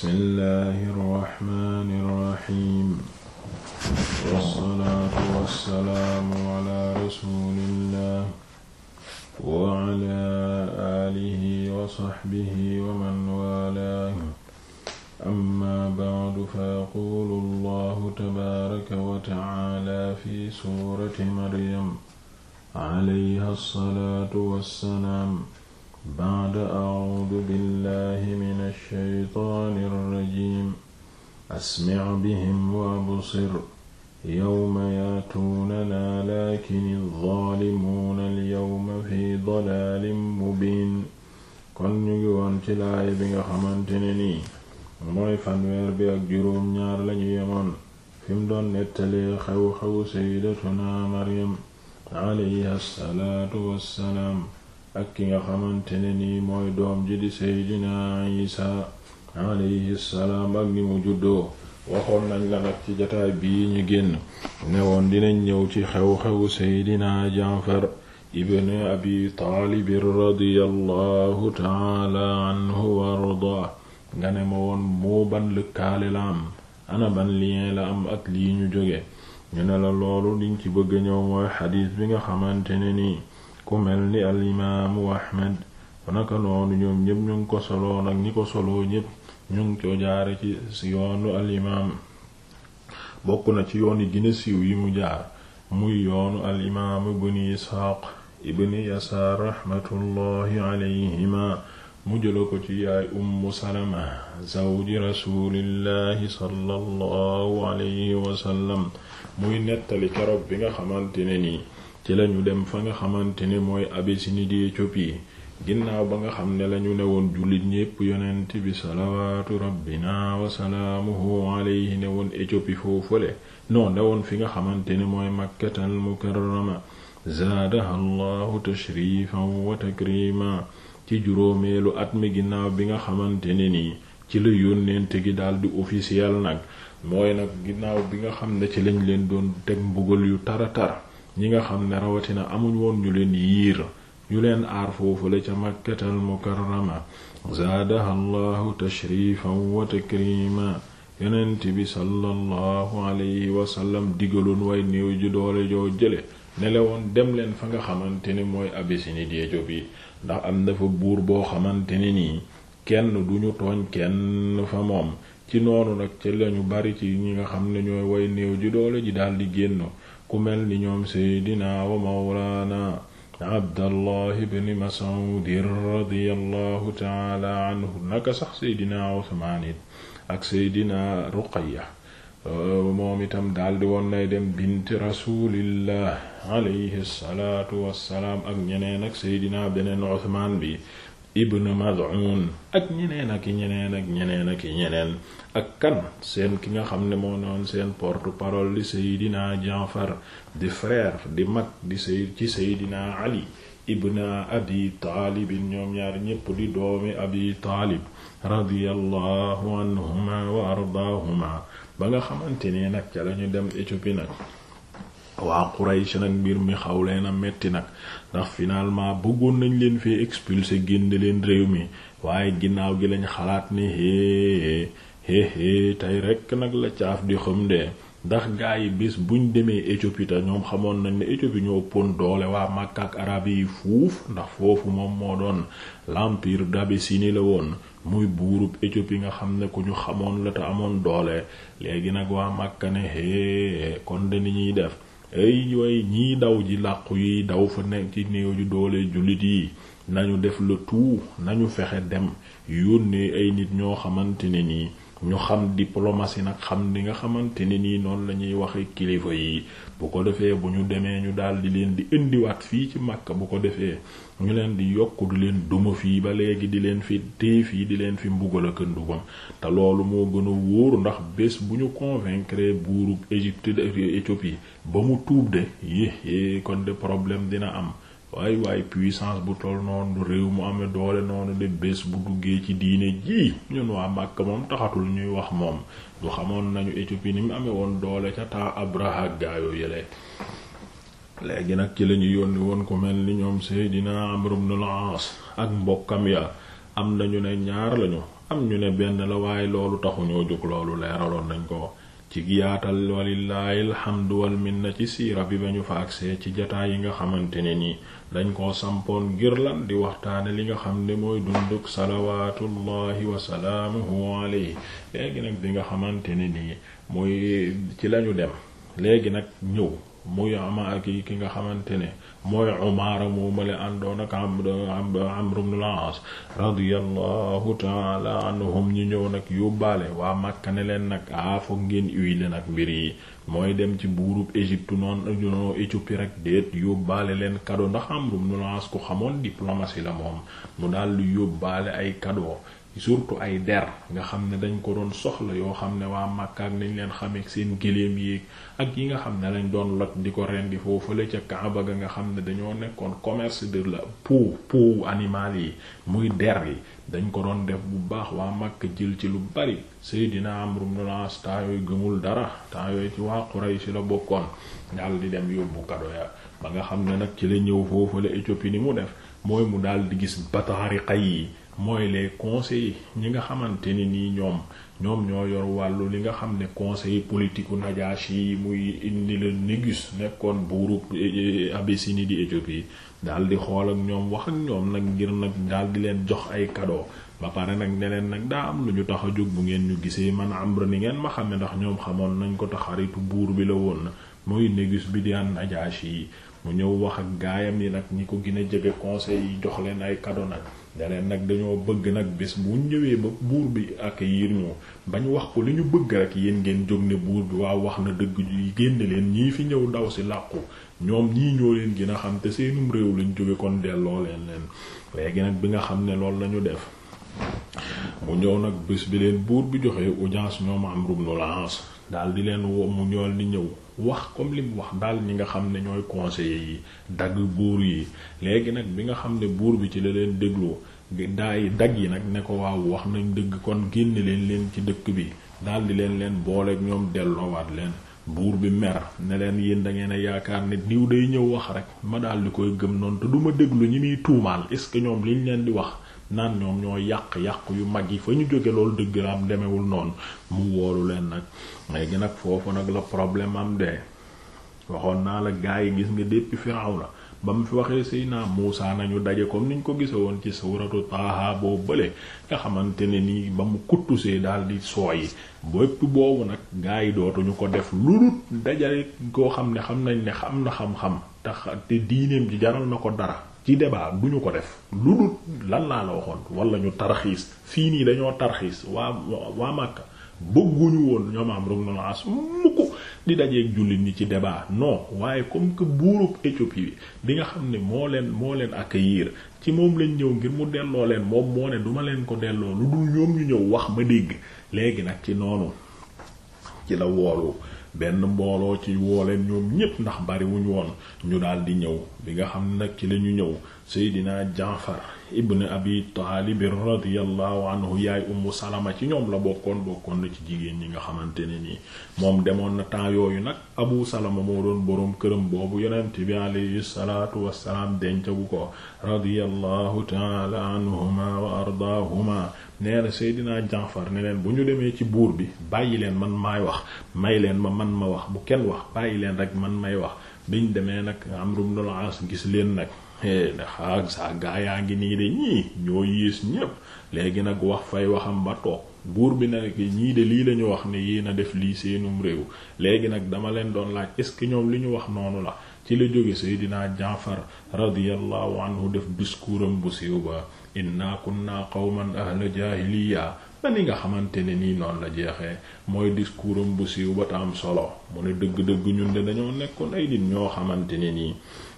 bismillahi irrahmani irrahim wassalaatu wassalaamu ala rasulillah wa ala aalihi wa saxbihi wa man waalaahu amma ba'du fa yaquulu allahu tabaaraka wa ta'aala fi suurati maryam alayha salaatu wassalaam ba'da a'uudu billahi mina shaytaani rajiim asmi' bihim wa absir yawma yaatuunanaa laakini zaalimuuna al-yawma fi dalaalin mubiin kon ñu ngi woon ci laaya bi nga xamante ne nii mooy fanweer bi ak juróom ñaar lañu yemoon fi mu doon nettalee xew-xew sayyidatuna Maryam alayha salaatu wassalaam ak ki nga xamante ne nii mooy doom ji di seydina isa ak ni mu juddoo waxoon nañ la nag ci jataay bii ñu génn ne woon dinañ ñëw ci xew-xewu seydina jaafar ibn abi taalib radiyallahu taala anhu wa ardaa nga ana ban lien la am ak lii ñu jóge ñu ne la loolu liñ ci bëgg ñëw mooy xadiis bi nga xamante ne nii ku mel ni al imaamu ahmad naka noonu ñoom ñépp ñu ngi ko soloo nag ñi ko soloo ñépp ñu ngi ko jaare ci si yoonu al imaam bokk na ci yoon yi gëna siiw yi mu jaar muy yoonu al imaam ibni isxaaq ibni yasaar raxmatullahi mu jëla ko ci yaay ummu salama zawji rasulillahi sallallahu alayhi wasallam muy nettali keroog bi nga xamante nii ci lañu dem fa nga xamante ne mooy Abisini di Éthiopie ginnaaw ba nga xam ne lañu ne woon jullit ñépp yonent bi salawaatu rabbina wa salaamuhu alayhi ne woon Éthiopie foofule non ne woon fi nga xamante ne mooy Makkatal Mukarrama zaadaha allahu tashrifan wa takrima ci juróomeelu at mi ginnaaw bi nga xamante ne nii ci la yónnente gi daldi officiel nag mooy nag ginnaaw bi nga xam ne ci lañ leen doon teg mbugal yu tara tar ñi nga xam ne rawatina amuñ woon ñu leen yiir ñu leen aar foofu la ca makkatal mukarrama zaadaha allahu tashrifan wa takrima yonent bi sallallahu alayhi wasallam digaloon way néew ji doole joo jële ne la woon dem leen fa nga xamante ni mooy abisini deejo bi ndax am dafa buur boo xamante ne nii kenn duñu tooñ kenn fa moom ci noonu nag ci lañu bari ci ñi nga xam ne ñooy way néew ji doole ji daldi génnoo ku mel ni ñoom seydina wa mawlaana abdallahi bni mas'uudin radiyallahu taala anhu naka sax seydina usmaan it ak seydina ruqayya moom itam daldi woon nay dem binti rasulillah alayhi salaatu wassalaam ak ñeneen ak seydina beneen usmaan bi ibn mad'un ak ñeneen ak ñeneen ak ñeneen ak ñeneen ak kan seen ki nga xam ne moo noon seen porte parole di seydina jaafar di frère di mag di say ci seydina ali ibn abi taalib ñoom ñaar ñépp di doomi abi taalib radiyallahu anhuma wa ardaahuma ba nga xamante ne nag ca lañu dem Éthiopie nag waa Quraysh nag mbir mi xaw leen a metti nag ndax finalement bëggoon nañ leen fee expulser génne leen réew mi waaye ginnaaw gi lañu xalaat ni hee hee tey rekk nag la caaf di xëm de ndax gaa yi bis buñ demee Éthiopie ñoom xamoon nañ ne Éthiopie ñu ëppoon doole waa Makka ak arab yi fuuf ndax foofu moom moo doon l'empire d'Abyssinie la woon muy buurub Éthiopie nga xam ne ku ñu xamoon la amoon doole léegi nag waa Makka ne hee kon de ñuy def ay way ñii daw ji làqu yi daw fa nekk ci néew ju doole jullit yi nañu def le tout nañu fexe dem yónnee ay nit ñoo xamante ne nii ñu xam diplomatie nag xam li nga xamante ni nii noonu la ñuy waxe kilifa yi bu ko defee bu ñu demee ñu daal di leen di indiwaat fii ci màkk bu ko defee ñu leen di yokk di leen duma fii ba léegi di leen fi téye fii di leen fi mbugal ak ndugam te loolu moo gën a wóor ndax bés bu ñu convaincre buurub Égypte de Éthiopie ba mu tuub de yi kon de problème dina am waaye waaye puissance bu toll noonu réew mu amee doole noonu de bés bu duggee ci diine jii ñun waa Makka moom taxatul ñuy wax moom du xamoon nañu Éthiopie ni mu amee woon doole ca temps Abraha gaayoo yële léegi nag ci lañuy yónni woon ko mel ni ñoom Seydina Amr ibn al-As ak mbokkam ya am nañu ne ñaar lañu am ñu ne benn la waaye loolu taxu ñoo jóg loolu leeraloon nañ ko ci giyaatal walillaahi alhamdu wal minna ci siira bi ba ñu fa agsee ci jataay yi nga xamante ne nii dañ koo sampoon ngir lan di waxtaane li nga xam ne mooy dunduk salawaatullahi wa salaamuhu alayhi léegi nag bi nga xamante ne nii mooy ci lañu dem léegi nag ñëw muy ama ki ki nga xamante ne mooy Umaara moo male àndoon ak am Amr ibn al-As radiyallahu ñu ñëw nag yóbbaale waa Makka ne leen nag a foog ngeen huile nag mbir yi mooy dem ci buurub Égypte noonu ñoo Éthiopie rek déet yóbbaale leen cadeau ndax Amr ibn ku xamoon diplomatie la moom mu daal di yóbbaale ay cadeau surtout ay der nga xam ne dañ ko doon soxla yoo xam ne waa Makka ak nañ leen xameek seen géléem yéeg ak yi nga xam ne lañ doon lot di ko rendi foofu la ca Kaaba ga nga xam ne dañoo nekkoon commerce de la peau peau animal yi muy der yi dañ ko doon def bu baax waa Makka jël ci lu bari Seydina dina ibn al-As temps yooyu gëmul dara temps yooyu ci waa Quraysh la bokkoon daal di dem yóbbu kado ya ba nga xam ne nag ci la ñëw foofu la Éthiopie ni mu def moo mu daal di gis batariqa yi mooy les conseillers ñi nga xamante ni nii ñoom ñoom ñoo yor wàllu li nga xam ne conseil politique Najashi yi muy indi la Négus nekkoon buurub eh, eh, Abyssinie di Éthiopie daal di xool ak ñoom wax ak ñoom nag ngir nag daal di leen jox ay cadeau ba pare nag ne leen daa am lu ñu tax a jóg bu ngeen ñu gisee man Amr ni ngeen ma xam ne ndax ñoom xamoon nañ ko taxaritu buur bi la woon muy Négus bi di an Najashi yi mu ñëw wax ak gaayam yi nag ñi ko gën a jege conseil yi jox leen ay cadeau nag da nag dañoo bëgg nag bés bu ñëwee ba buur bi ak yiir ñu bañ wax ko li ñu bëgg rek yéen ngeen jóg ne buur bi waaw wax na dëgg yi génn leen ñii fi ñëw daw si làqu ñoom ñii ñoo leen gën a xam te seenum réew lañ jóge kon delloo leen leen léegi nag bi nga xam ne loolu lañu def mu ñëw nag bés bi leen buur bi joxe audience ñoom am rum nu daal di leen wo mu ñool di ñëw wax comme li mu wax daal ñi nga xam ne ñooy conseillers yi dagg buur yi léegi nag bi nga xam ne buur bi ci la leen dégloo daay dagg yi nag ne ko waaw wax nañ dëgg kon génn leen leen ci dëkk bi daal di leen leen booleek ñoom delloo waat leen buur bi mer ne leen yéen da ngeen a yaakaar ne diw day ñëw wax rek ma daal di koy gëm noonu te du ma déglu ñi muy tuumaal est ce que ñoom liñ leen di wax naan ñoom ñoo yàq yàq yu mag yi fa ñu jóge loolu dëgg am demewul noonu mu woolu leen nag léegi nag foofu nag la problème am de waxoon naa la gaa yi gis nga depuis la ba mu fi waxee Seydina Muusa nañu daje comme niñ ko gise woon ci suuratu Taaha boo bële nga xamante ne nii ba mu kuttusee daal di sooyi bépp boobu nag gaa yi dootuñu ko def lulut dajale koo xam ne xam nañ ne xam na xam-xam tax te diineem ji jaral na ko dara ci débat du ko def lu dul lan laa la waxoon wala ñu tarxiis fii nii dañoo tarxiis waa waa Makka bëgguñu woon ñoom am rek na as mukk di dajeeg jullit ñi ci debaa no waaye comme que buurub Éthiopie bi nga xam ne moo leen moo leen accueillir ci moom lañ ñëw ngir mu delloo leen moom moo ne duma leen ko delloo lu dul ñoom ñu ñëw wax ma dégg léegi nag ci noonu ci la woolu benn mbooloo ci wooleen ñoom ñépp ndax bariwuñu woon ñu daal di ñëw bi nga xam nag ci la ñu ñëw seydina jaafar ibn abi taalib radiallahu anhu yaay ummu salama ci ñoom la bokkoon bokkoon na ci jigéen ñi nga xamante ne nii moom demoon na temps yu nag abu salama moo doon boroom këram boobu yonent bi alayhi salaatu wassalaam dencagu ko radiallahu taala anhuma wa ardaahuma nee na Seydina Jaafar ne leen bu ñu demee ci buur bi bàyyi leen man maay wax may leen ma man ma wax bu kenn wax bàyyi leen rek man may wax dañ demee nag Amru ibn al-As gis leen nag ndax saa gaa yaa ngi nii de ñii ñoo yées ñépp léegi nag wax fay waxam ba toog buur bi nag ñii de lii lañu wax ne yéen a def lii seenum réew léegi nag dama leen doon laaj est-ce que ñoom li ñu wax noonu la ci la jóge Seydina Jaafar radiyallahu anhu def discours am bu siiw ba inna kunna qawman ahla jahiliya ba ni nga xamante ne nii noonu la jeexee mooy discours am bu siiw ba ta solo mu ne dëgg-dëgg ñun de dañoo nekkoon ay nit ñoo xamante ne nii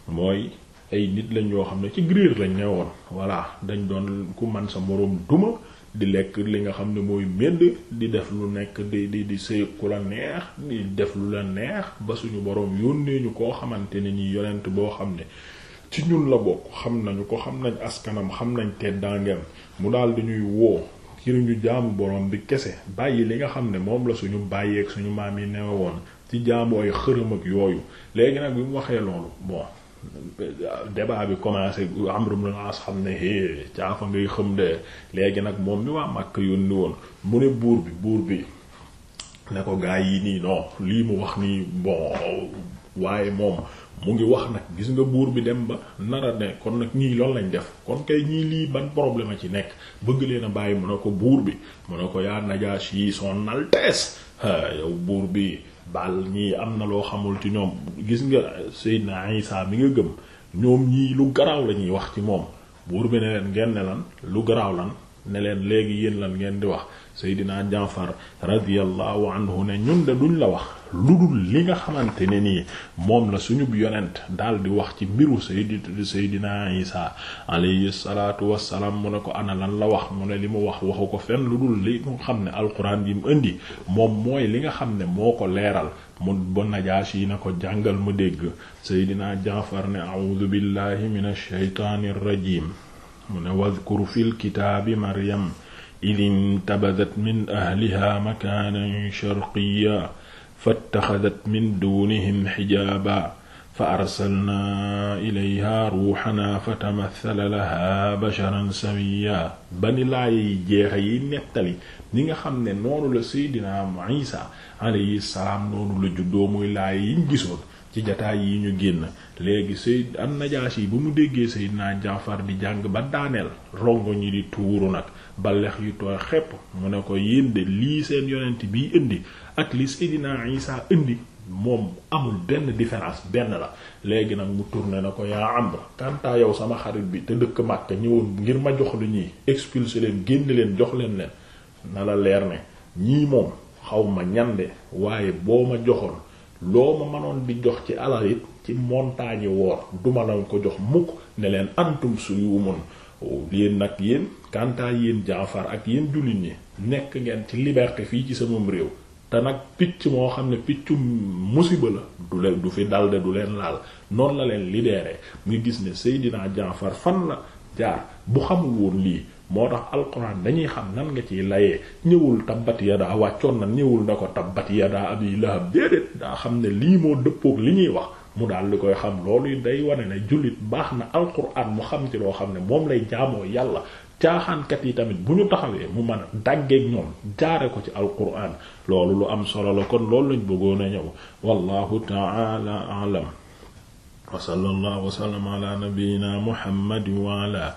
mooy ay nit lañ yoo xam ne ci griir lañ ne woon voilà dañ doon ku man sa moroom duma di lekk li nga xam ne mooy médd di def lu nekk di di di sëy ku la neex di def lu la neex ba suñu boroom yónnee ñu koo xamante ne nii yonent boo xam ne ci ñun la bokk xam nañu ko xam nañ askanam xam nañ teddaangeem mu daal di ñuy woo ngir ñu jaamu borom bi kese bàyyi li nga xam ne moom la suñu bàyyeeg suñu maam yi newe woon ci jaamu ay xërëm ak yooyu léegi nag bi mu waxee loolu bon débat bi commencé Amr ibn al-As xam ne é caafa ngay xëm de léegi nag moom mi waa Makka yónni woon mu ne buur bi buur bi ne ko gaa yi nii non lii mu wax nii bon waaye moom mu ngi wax nag gis nga buur bi dem ba nara ne kon nag ñii loolu lañ def kon kay ñii lii ban problème a ci nekk bëgg leen a bàyyi mu ne ko buur bi mu ne ko yaa Najashi son Altesse yow buur bi baal ñii am na loo xamul ci ñoom gis nga Seydina Isa mi nga gëm ñoom ñii lu garaaw la ñuy wax ci moom buur bi ne leen ngeen ne lu garaaw lan ne léegi yéen lan ngeen di wax Seydina Jaafar radiyallahu anhu ne ñun de duñ la wax lu dul li nga xamante ne nii moom la suñu yonent daal di wax ci mbiru Seydina Seydina Isa alayhi salaatu wassalaam mu ne ko analan la wax mu ne li mu wax waxu ko fenn lu dul li mu xam ne alquran yi mu indi moom mooy li nga xam ne moo ko leeral mu ba Najaashi yi na ko jàngal mu dégg Seydina Jaafar ne a'uudu billahi minash shaytaanir rajiim mu ne wadkur fil kitaabi maryam id intabadat min ahliha makaanan sharqiya fattaxadat min duunihim xijaaba fa arsalnaa ilayha ruuxanaa fa tamathala laha basharan sawiya ba ni laaya yi jeexe yi nettali ni nga xam ne noonu la seydinaa Isaa alayhi salaam noonu la juddoo muy laaya yiñ gisoon ci jataay yi ñu génn léegi Sayyid an-Najaashi yi bu mu déggee Sayyidina Jaafar di jàng ba daaneel rongo ñi di tuuru nag ba lex yu tooy xepp mu ne ko yéen de lii seen yonent bi indi ak li Sayyidina Isaa indi moom amul benn différence benn la léegi nag mu tourné na ko yaa Amr kantaa yow sama xarit bi te dëkk Makka ñëwul ngir ma jox lu ñuy expulsé leen génn leen jox leen leen na la leer ne ñii moom xaw ma ñande waaye boo ma joxoon loo ma mënoon di jox ci alal it ci montagne woor du ma leen ko jox mukk ne leen antum suyumun oh, yéen nag yéen kantaa yéen jànfar ak yéen jullit ñi nekk ngeen ci liberté fii ci sama réew te nag picc moo xam ne piccu musiba la du leen du fi dalde du leen laal noonu la leen libéré nga gis ne Seydina jaafar fan la jaar bu xamul woon lii moo tax alquran dañuy xam nan nga ci layee ñëwul tabbat yadaa wàccoon na ñëwul na ko tabbat yadaa abi lahab déedéet daa xam ne lii moo dëppoog li ñuy wax mu daal di koy xam loolu day wane ne jullit baax na alquran mu xam ci loo xam ne moom lay jaamoo yàlla caaxaankat yi tamit bu ñu taxawee mu man a dàggeeg ñoom jaare ko ci alquran loolu lu am solo la kon loolu lañ bëggoon a ñëw wallahu ta'ala a'lam wa sallallahu wa sallama ala nabiyyina muhammad wa ala